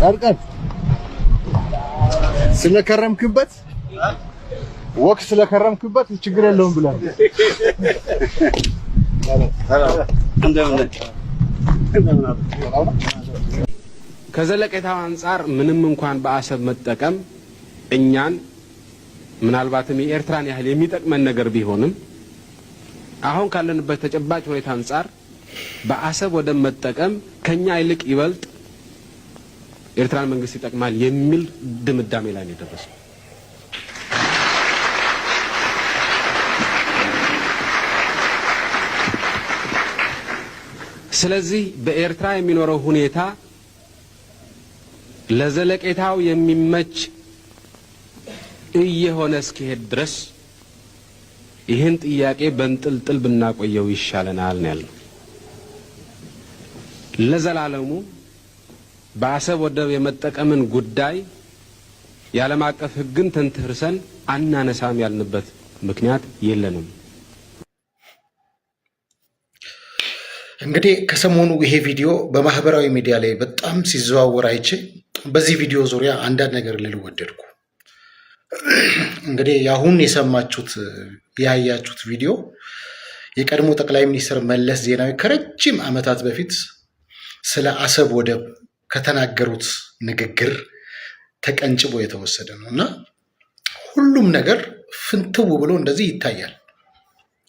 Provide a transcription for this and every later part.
ጻድቃን ስለከረምክበት ወቅት ስለከረምክበት ችግር የለውም ብለህ ከዘለቄታው አንጻር ምንም እንኳን በአሰብ መጠቀም እኛን ምናልባትም የኤርትራን ያህል የሚጠቅመን ነገር ቢሆንም አሁን ካለንበት ተጨባጭ ሁኔታ አንጻር በአሰብ ወደብ መጠቀም ከኛ ይልቅ ይበልጥ ኤርትራን መንግስት ይጠቅማል የሚል ድምዳሜ ላይ ነው የደረሰው። ስለዚህ በኤርትራ የሚኖረው ሁኔታ ለዘለቄታው የሚመች እየሆነ እስኪሄድ ድረስ ይህን ጥያቄ በንጥልጥል ብናቆየው ይሻለናል ነው ያልነው። ለዘላለሙ በአሰብ ወደብ የመጠቀምን ጉዳይ የዓለም አቀፍ ሕግን ተንትርሰን አናነሳም ያልንበት ምክንያት የለንም። እንግዲህ ከሰሞኑ ይሄ ቪዲዮ በማህበራዊ ሚዲያ ላይ በጣም ሲዘዋወር አይቼ በዚህ ቪዲዮ ዙሪያ አንዳንድ ነገር ልል ወደድኩ። እንግዲህ የአሁን የሰማችሁት ያያችሁት ቪዲዮ የቀድሞ ጠቅላይ ሚኒስትር መለስ ዜናዊ ከረጅም ዓመታት በፊት ስለ አሰብ ወደብ ከተናገሩት ንግግር ተቀንጭቦ የተወሰደ ነው እና ሁሉም ነገር ፍንትው ብሎ እንደዚህ ይታያል።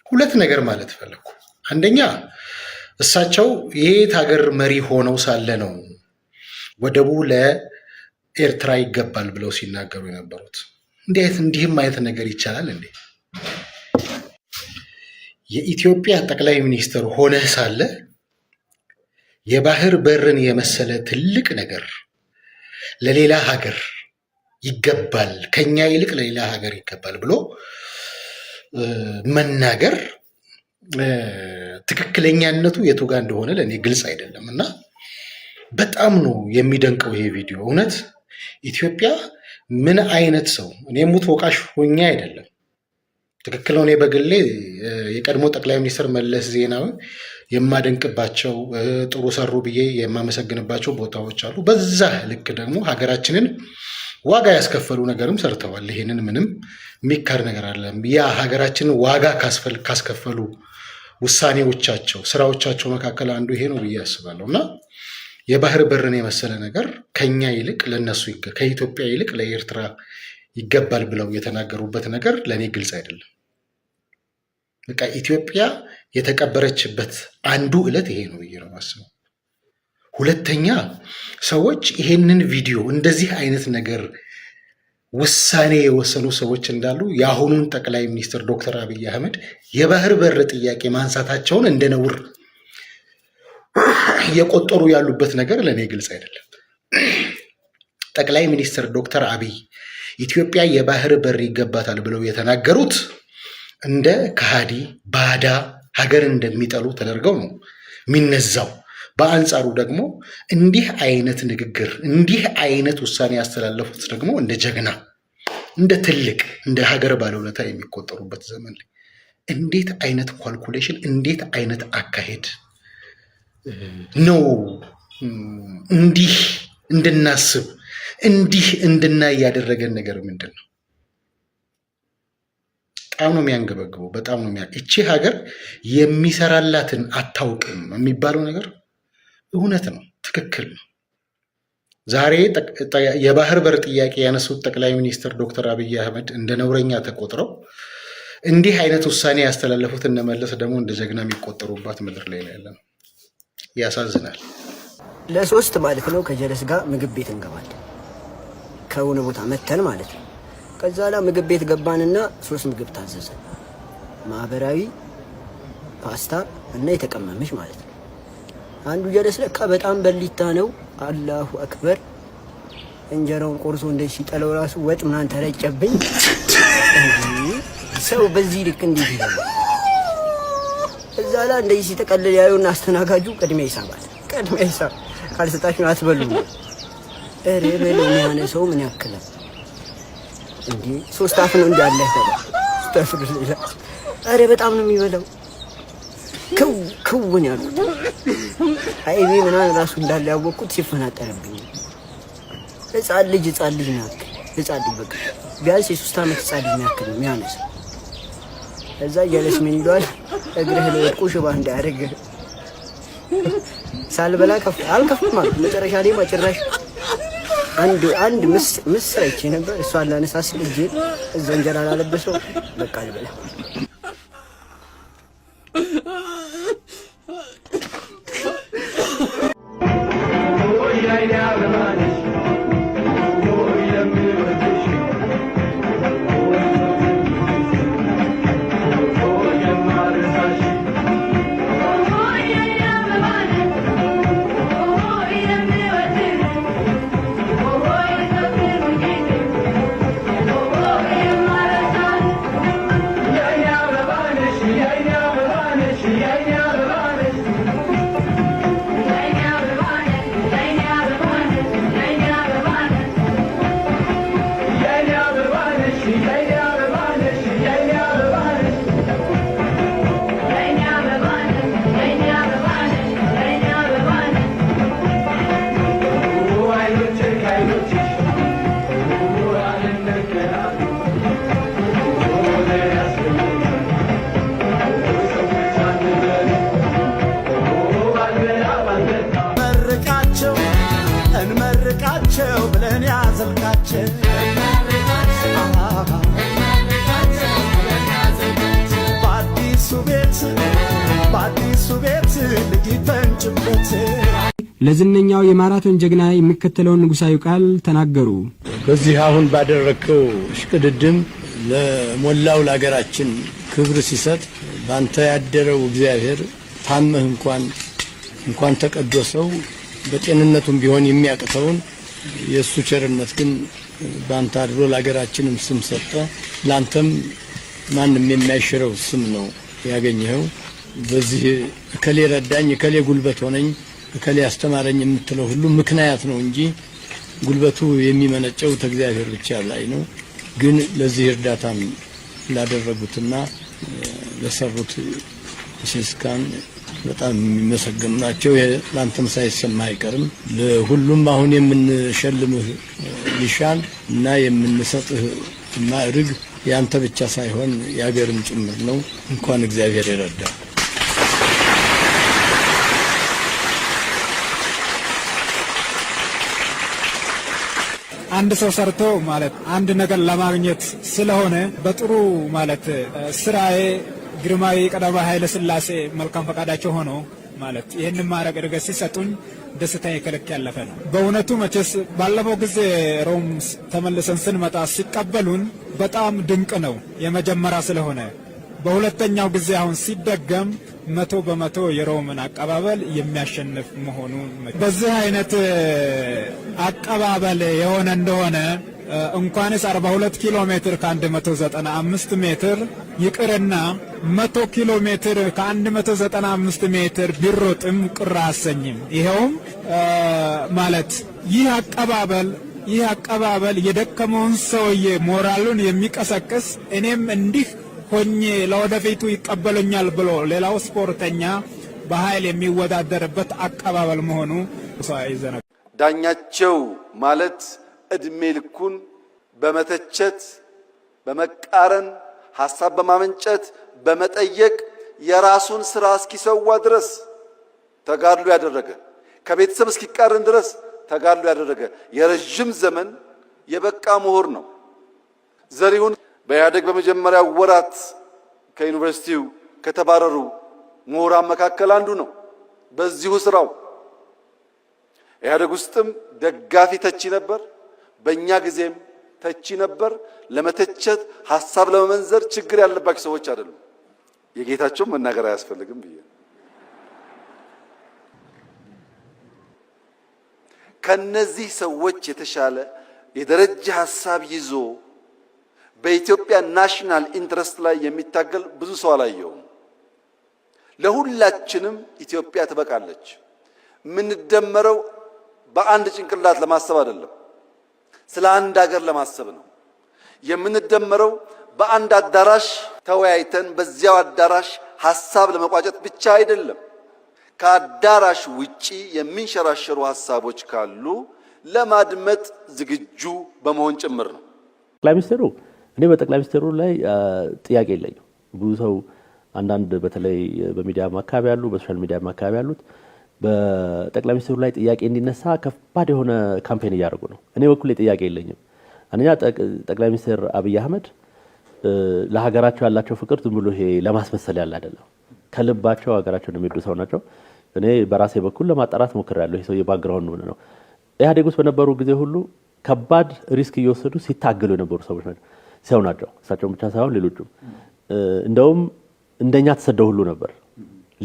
ሁለት ነገር ማለት ፈለግኩ። አንደኛ እሳቸው የየት ሀገር መሪ ሆነው ሳለ ነው ወደቡ ለኤርትራ ይገባል ብለው ሲናገሩ የነበሩት? እንዲህ እንዲህም አይነት ነገር ይቻላል እንዴ? የኢትዮጵያ ጠቅላይ ሚኒስትር ሆነህ ሳለ የባህር በርን የመሰለ ትልቅ ነገር ለሌላ ሀገር ይገባል፣ ከኛ ይልቅ ለሌላ ሀገር ይገባል ብሎ መናገር ትክክለኛነቱ የቱ ጋር እንደሆነ ለእኔ ግልጽ አይደለም እና በጣም ነው የሚደንቀው ይሄ ቪዲዮ እውነት ኢትዮጵያ ምን አይነት ሰው እኔ ሙት ወቃሽ ሆኜ አይደለም ትክክል ነው። በግሌ የቀድሞ ጠቅላይ ሚኒስትር መለስ ዜናዊ የማደንቅባቸው ጥሩ ሰሩ ብዬ የማመሰግንባቸው ቦታዎች አሉ። በዛ ልክ ደግሞ ሀገራችንን ዋጋ ያስከፈሉ ነገርም ሰርተዋል። ይሄንን ምንም የሚካድ ነገር አለም። ያ ሀገራችንን ዋጋ ካስከፈሉ ውሳኔዎቻቸው፣ ስራዎቻቸው መካከል አንዱ ይሄ ነው ብዬ አስባለሁ እና የባህር በርን የመሰለ ነገር ከኛ ይልቅ ለነሱ ከኢትዮጵያ ይልቅ ለኤርትራ ይገባል ብለው የተናገሩበት ነገር ለእኔ ግልጽ አይደለም። በቃ ኢትዮጵያ የተቀበረችበት አንዱ ዕለት ይሄ ነው ብዬ ነው የማስበው። ሁለተኛ ሰዎች ይሄንን ቪዲዮ እንደዚህ አይነት ነገር ውሳኔ የወሰኑ ሰዎች እንዳሉ የአሁኑን ጠቅላይ ሚኒስትር ዶክተር አብይ አህመድ የባህር በር ጥያቄ ማንሳታቸውን እንደ ነውር እየቆጠሩ ያሉበት ነገር ለእኔ ግልጽ አይደለም። ጠቅላይ ሚኒስትር ዶክተር አብይ ኢትዮጵያ የባህር በር ይገባታል ብለው የተናገሩት እንደ ከሃዲ ባዳ ሀገር እንደሚጠሉ ተደርገው ነው የሚነዛው። በአንጻሩ ደግሞ እንዲህ አይነት ንግግር እንዲህ አይነት ውሳኔ ያስተላለፉት ደግሞ እንደ ጀግና እንደ ትልቅ እንደ ሀገር ባለውለታ የሚቆጠሩበት ዘመን ላይ እንዴት አይነት ኳልኩሌሽን እንዴት አይነት አካሄድ ነው እንዲህ እንድናስብ እንዲህ እንድናይ ያደረገን ነገር ምንድን ነው? በጣም ነው የሚያንገበግበው። በጣም ነው የሚያ እቺ ሀገር የሚሰራላትን አታውቅም የሚባለው ነገር እውነት ነው፣ ትክክል ነው። ዛሬ የባህር በር ጥያቄ ያነሱት ጠቅላይ ሚኒስትር ዶክተር አብይ አህመድ እንደ ነውረኛ ተቆጥረው እንዲህ አይነት ውሳኔ ያስተላለፉት እነመለስ ደግሞ እንደ ጀግና የሚቆጠሩባት ምድር ላይ ነው ያሳዝናል። ለሶስት ማለት ነው ከጀለስ ጋር ምግብ ቤት እንገባለን ከሆነ ቦታ መተን ማለት ነው። ከዛ ምግብ ቤት ገባንና ሶስት ምግብ ታዘዘ ማህበራዊ ፓስታ እና የተቀመመች ማለት ነው። አንዱ ጀለስ ለካ በጣም በሊታ ነው። አላሁ አክበር። እንጀራውን ቆርሶ እንደዚህ ሲጠለው ራሱ ወጥ ምናምን ተረጨብኝ። ሰው በዚህ ልክ እንዴት ይላል? እዛ እንደዚህ ሲጠቀልል ያዩና አስተናጋጁ ቅድሚያ ይሳባል። ቅድሚያ ይሳብ ካልሰጣችሁ አትበሉም። እሬ በል ሰው ምን ያክላል? እንዲ ሶስት አፍ ነው እንዳለ ተፍር ሌላ እሬ በጣም ነው የሚበላው። ክው ክውን ያሉት አይቤ ምናምን ራሱ እንዳለ ያወቅኩት ሲፈናጠርብኝ። ህፃን ልጅ ህፃን ልጅ ነው ያክል ህፃን ልጅ በቃ ቢያንስ የሶስት አመት ህፃን ልጅ ነው ያክል ነው የሚያነሰው። እዛ እያለች ምን ይለዋል እግርህ ለወድቁ ሽባ እንዳያደርግ ሳልበላ ከፍ አልከፍም አሉ መጨረሻ ላይ ማጭራሽ አንድ አንድ ምስር አይቼ ነበር። እሷ ላነሳስል እጄ እዛ እንጀራ ላለበሰው በቃ ልበላ ለዝነኛው የማራቶን ጀግና የሚከተለውን ንጉሳዊ ቃል ተናገሩ። በዚህ አሁን ባደረግከው እሽቅድድም ለሞላው ለሀገራችን ክብር ሲሰጥ በአንተ ያደረው እግዚአብሔር ታመህ እንኳን እንኳን ተቀዶ ሰው በጤንነቱም ቢሆን የሚያቅተውን የእሱ ቸርነት ግን በአንተ አድሮ ለሀገራችንም ስም ሰጠ። ለአንተም ማንም የማይሽረው ስም ነው ያገኘኸው። በዚህ እከሌ ረዳኝ፣ እከሌ ጉልበት ሆነኝ እከሌ ያስተማረኝ የምትለው ሁሉ ምክንያት ነው እንጂ ጉልበቱ የሚመነጨው ተእግዚአብሔር ብቻ ላይ ነው። ግን ለዚህ እርዳታም ላደረጉትና ለሰሩት ሲስካን በጣም የሚመሰገኑ ናቸው። ለአንተም ሳይሰማ አይቀርም። ለሁሉም አሁን የምንሸልምህ ሊሻን እና የምንሰጥህ ማዕርግ ያንተ ብቻ ሳይሆን የአገርም ጭምር ነው። እንኳን እግዚአብሔር ይረዳል። አንድ ሰው ሰርቶ ማለት አንድ ነገር ለማግኘት ስለሆነ በጥሩ ማለት ስራዬ ግርማዊ ቀዳማዊ ኃይለ ሥላሴ መልካም ፈቃዳቸው ሆኖ ማለት ይህን ማድረግ እድገት ሲሰጡኝ ደስታ የከለክ ያለፈ ነው። በእውነቱ መቼስ ባለፈው ጊዜ ሮም ተመልሰን ስንመጣ ሲቀበሉን በጣም ድንቅ ነው የመጀመሪያ ስለሆነ በሁለተኛው ጊዜ አሁን ሲደገም መቶ በመቶ የሮምን አቀባበል የሚያሸንፍ መሆኑን በዚህ አይነት አቀባበል የሆነ እንደሆነ እንኳንስ 42 ኪሎ ሜትር ከ195 ሜትር ይቅርና 100 ኪሎ ሜትር ከ195 ሜትር ቢሮጥም ቅር አሰኝም። ይኸውም ማለት ይህ አቀባበል ይህ አቀባበል የደከመውን ሰውዬ ሞራሉን የሚቀሰቅስ እኔም እንዲህ ሆኜ ለወደፊቱ ይቀበለኛል ብሎ ሌላው ስፖርተኛ በኃይል የሚወዳደርበት አቀባበል መሆኑ ይዘነ ዳኛቸው ማለት እድሜ ልኩን በመተቸት በመቃረን ሀሳብ በማመንጨት በመጠየቅ የራሱን ስራ እስኪሰዋ ድረስ ተጋድሎ ያደረገ ከቤተሰብ እስኪቃረን ድረስ ተጋድሎ ያደረገ የረዥም ዘመን የበቃ ምሁር ነው። ዘሪሁን በኢህአዴግ በመጀመሪያው ወራት ከዩኒቨርሲቲው ከተባረሩ ምሁራን መካከል አንዱ ነው። በዚሁ ስራው ኢህአዴግ ውስጥም ደጋፊ ተቺ ነበር፣ በእኛ ጊዜም ተቺ ነበር። ለመተቸት ሀሳብ ለመመንዘር ችግር ያለባቸው ሰዎች አይደሉም። የጌታቸውን መናገር አያስፈልግም ብዬ ከነዚህ ሰዎች የተሻለ የደረጀ ሀሳብ ይዞ በኢትዮጵያ ናሽናል ኢንትረስት ላይ የሚታገል ብዙ ሰው አላየውም። ለሁላችንም ኢትዮጵያ ትበቃለች። የምንደመረው በአንድ ጭንቅላት ለማሰብ አይደለም፣ ስለ አንድ ሀገር ለማሰብ ነው። የምንደመረው በአንድ አዳራሽ ተወያይተን በዚያው አዳራሽ ሀሳብ ለመቋጨት ብቻ አይደለም። ከአዳራሽ ውጪ የሚንሸራሸሩ ሀሳቦች ካሉ ለማድመጥ ዝግጁ በመሆን ጭምር ነው። ጠቅላይ ሚኒስትሩ እኔ በጠቅላይ ሚኒስትሩ ላይ ጥያቄ የለኝም። ብዙ ሰው አንዳንድ በተለይ በሚዲያ አካባቢ ያሉ በሶሻል ሚዲያ አካባቢ ያሉት በጠቅላይ ሚኒስትሩ ላይ ጥያቄ እንዲነሳ ከባድ የሆነ ካምፔን እያደረጉ ነው። እኔ በኩል ጥያቄ የለኝም። አንደኛ ጠቅላይ ሚኒስትር አብይ አህመድ ለሀገራቸው ያላቸው ፍቅር ዝም ብሎ ይሄ ለማስመሰል ያለ አይደለም። ከልባቸው ሀገራቸውን የሚወዱ ሰው ናቸው። እኔ በራሴ በኩል ለማጣራት ሞክሬያለሁ። ይሄ ሰው የባግራውንድ ምን ነው ኢህአዴግ ውስጥ በነበሩ ጊዜ ሁሉ ከባድ ሪስክ እየወሰዱ ሲታገሉ የነበሩ ሰዎች ናቸው። ሰው ናቸው። እሳቸውን ብቻ ሳይሆን ሌሎቹም እንደውም እንደኛ ተሰደው ሁሉ ነበር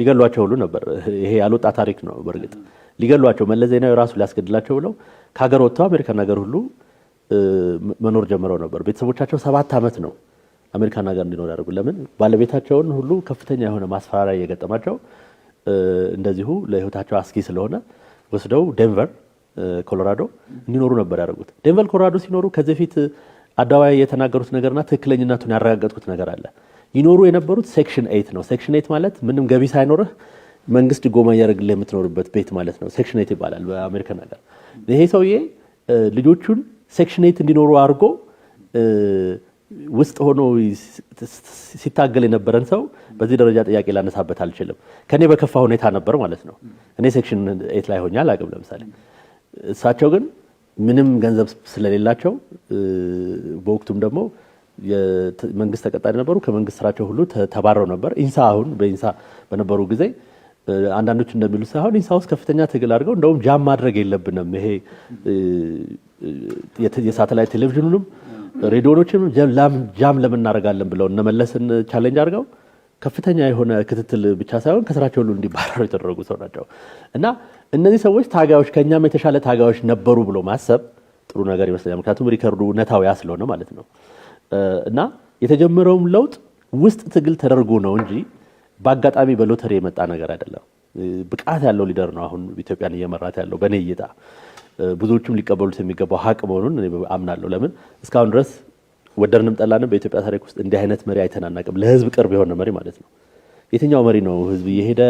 ሊገሏቸው ሁሉ ነበር። ይሄ ያልወጣ ታሪክ ነው። በእርግጥ ሊገሏቸው መለስ ዜናዊ ራሱ ሊያስገድላቸው ብለው ከሀገር ወጥተው አሜሪካን ሀገር ሁሉ መኖር ጀምረው ነበር። ቤተሰቦቻቸው ሰባት ዓመት ነው አሜሪካን ሀገር እንዲኖር ያደርጉ። ለምን ባለቤታቸውን ሁሉ ከፍተኛ የሆነ ማስፈራሪያ እየገጠማቸው እንደዚሁ ለህይወታቸው አስጊ ስለሆነ ወስደው ዴንቨር ኮሎራዶ እንዲኖሩ ነበር ያደርጉት። ደንቨር ኮሎራዶ ሲኖሩ ከዚህ ፊት አደባባይ የተናገሩት ነገርና ትክክለኝነቱን ያረጋገጥኩት ነገር አለ። ይኖሩ የነበሩት ሴክሽን ኤት ነው። ሴክሽን ኤት ማለት ምንም ገቢ ሳይኖርህ መንግስት ድጎማ እያደረግልህ የምትኖርበት ቤት ማለት ነው። ሴክሽን ኤት ይባላል በአሜሪካን ሀገር። ይሄ ሰውዬ ልጆቹን ሴክሽን ኤት እንዲኖሩ አድርጎ ውስጥ ሆኖ ሲታገል የነበረን ሰው በዚህ ደረጃ ጥያቄ ላነሳበት አልችልም። ከእኔ በከፋ ሁኔታ ነበር ማለት ነው። እኔ ሴክሽን ኤት ላይ ሆኛል አቅም ለምሳሌ። እሳቸው ግን ምንም ገንዘብ ስለሌላቸው በወቅቱም ደግሞ መንግስት ተቀጣሪ ነበሩ። ከመንግስት ስራቸው ሁሉ ተባረው ነበር። ኢንሳ አሁን በኢንሳ በነበሩ ጊዜ አንዳንዶቹ እንደሚሉ ሳይሆን ኢንሳ ውስጥ ከፍተኛ ትግል አድርገው እንደውም ጃም ማድረግ የለብንም ይሄ የሳተላይት ቴሌቪዥኑንም ሬዲዮኖችንም ጃም ለምን ብለው እነመለስን ቻሌንጅ አድርገው ከፍተኛ የሆነ ክትትል ብቻ ሳይሆን ከስራቸው ሁሉ እንዲባረሩ የተደረጉ ሰው ናቸው እና እነዚህ ሰዎች ታጋዮች ከእኛም የተሻለ ታጋዮች ነበሩ ብሎ ማሰብ ጥሩ ነገር ይመስለኛል። ምክንያቱም ሪከርዱ ነታዊያ ስለሆነ ማለት ነው እና የተጀመረውም ለውጥ ውስጥ ትግል ተደርጎ ነው እንጂ በአጋጣሚ በሎተሪ የመጣ ነገር አይደለም። ብቃት ያለው ሊደር ነው አሁን ኢትዮጵያን እየመራት ያለው በእኔ እይታ ብዙዎቹም ሊቀበሉት የሚገባው ሀቅ መሆኑን አምናለሁ። ለምን እስካሁን ድረስ ወደድንም ጠላንም በኢትዮጵያ ታሪክ ውስጥ እንዲህ አይነት መሪ አይተናናቅም። ለህዝብ ቅርብ የሆነ መሪ ማለት ነው። የትኛው መሪ ነው ህዝብ እየሄደ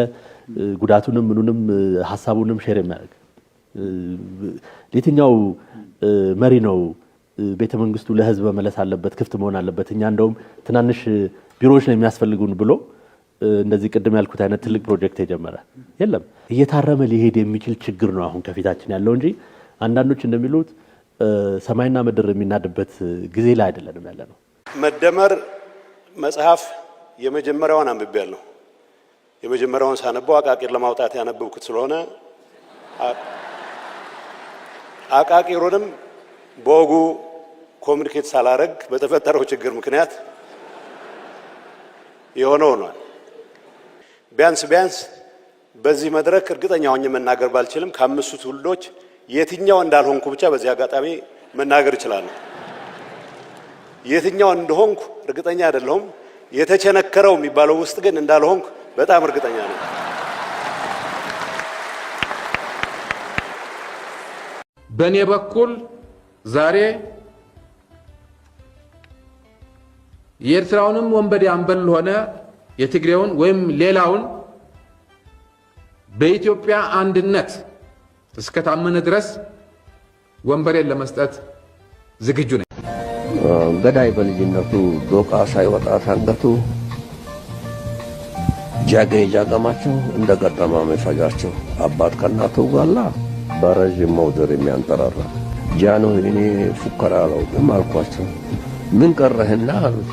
ጉዳቱንም ምኑንም ሀሳቡንም ሼር የሚያደርግ? የትኛው መሪ ነው ቤተ መንግስቱ ለህዝብ መመለስ አለበት፣ ክፍት መሆን አለበት፣ እኛ እንደውም ትናንሽ ቢሮዎች ነው የሚያስፈልጉን ብሎ እንደዚህ ቅድም ያልኩት አይነት ትልቅ ፕሮጀክት የጀመረ የለም። እየታረመ ሊሄድ የሚችል ችግር ነው አሁን ከፊታችን ያለው እንጂ አንዳንዶች እንደሚሉት ሰማይና ምድር የሚናድበት ጊዜ ላይ አይደለንም ያለ ነው። መደመር መጽሐፍ የመጀመሪያውን አንብቤ ያለው የመጀመሪያውን ሳነበው አቃቂር ለማውጣት ያነበብኩት ስለሆነ አቃቂሩንም በወጉ ኮሚኒኬት ሳላረግ በተፈጠረው ችግር ምክንያት የሆነ ሆኗል። ቢያንስ ቢያንስ በዚህ መድረክ እርግጠኛ ሆኜ መናገር ባልችልም ከአምስቱ ትውልዶች የትኛው እንዳልሆንኩ ብቻ በዚህ አጋጣሚ መናገር እችላለሁ። የትኛው እንደሆንኩ እርግጠኛ አይደለሁም። የተቸነከረው የሚባለው ውስጥ ግን እንዳልሆንኩ በጣም እርግጠኛ ነው። በእኔ በኩል ዛሬ የኤርትራውንም ወንበዴ አንበል ሆነ የትግሬውን ወይም ሌላውን በኢትዮጵያ አንድነት ታመነ ድረስ ወንበሬን ለመስጠት ዝግጁ ነኝ። ገዳይ በልጅነቱ ዶቃ ሳይወጣ ሳንገቱ ጃገኝ ጃገማቸው እንደ ገጠማ አባት ከእናቱ ጋላ በረዥም መውደር የሚያንጠራራ ጃኖ እኔ ፉከራ አላውቅም አልኳቸው። ምን ቀረህና አሉት።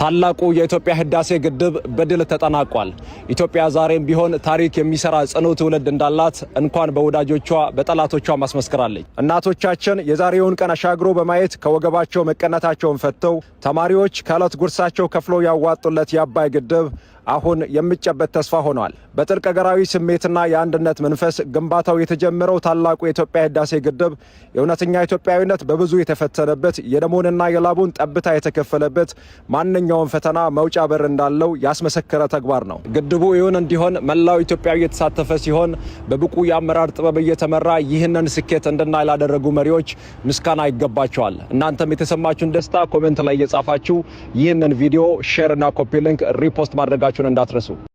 ታላቁ የኢትዮጵያ ህዳሴ ግድብ በድል ተጠናቋል። ኢትዮጵያ ዛሬም ቢሆን ታሪክ የሚሰራ ጽኑ ትውልድ እንዳላት እንኳን በወዳጆቿ በጠላቶቿ ማስመስክራለች። እናቶቻችን የዛሬውን ቀን አሻግሮ በማየት ከወገባቸው መቀነታቸውን ፈተው ተማሪዎች ከዕለት ጉርሳቸው ከፍለው ያዋጡለት የአባይ ግድብ አሁን የምጨበት ተስፋ ሆኗል። በጥልቅ ገራዊ ስሜትና የአንድነት መንፈስ ግንባታው የተጀመረው ታላቁ የኢትዮጵያ ህዳሴ ግድብ የእውነተኛ ኢትዮጵያዊነት በብዙ የተፈተነበት የደሞንና የላቡን ጠብታ የተከፈለበት ማንኛውም ፈተና መውጫ በር እንዳለው ያስመሰከረ ተግባር ነው። ግድቡ ይሁን እንዲሆን መላው ኢትዮጵያዊ የተሳተፈ ሲሆን በብቁ የአመራር ጥበብ እየተመራ ይህንን ስኬት እንድና ላደረጉ መሪዎች ምስጋና ይገባቸዋል። እናንተም የተሰማችሁን ደስታ ኮሜንት ላይ እየጻፋችሁ ይህንን ቪዲዮ እና ኮፒ ሊንክ ሪፖስት ማድረጋ። መሆናችሁን እንዳትረሱ።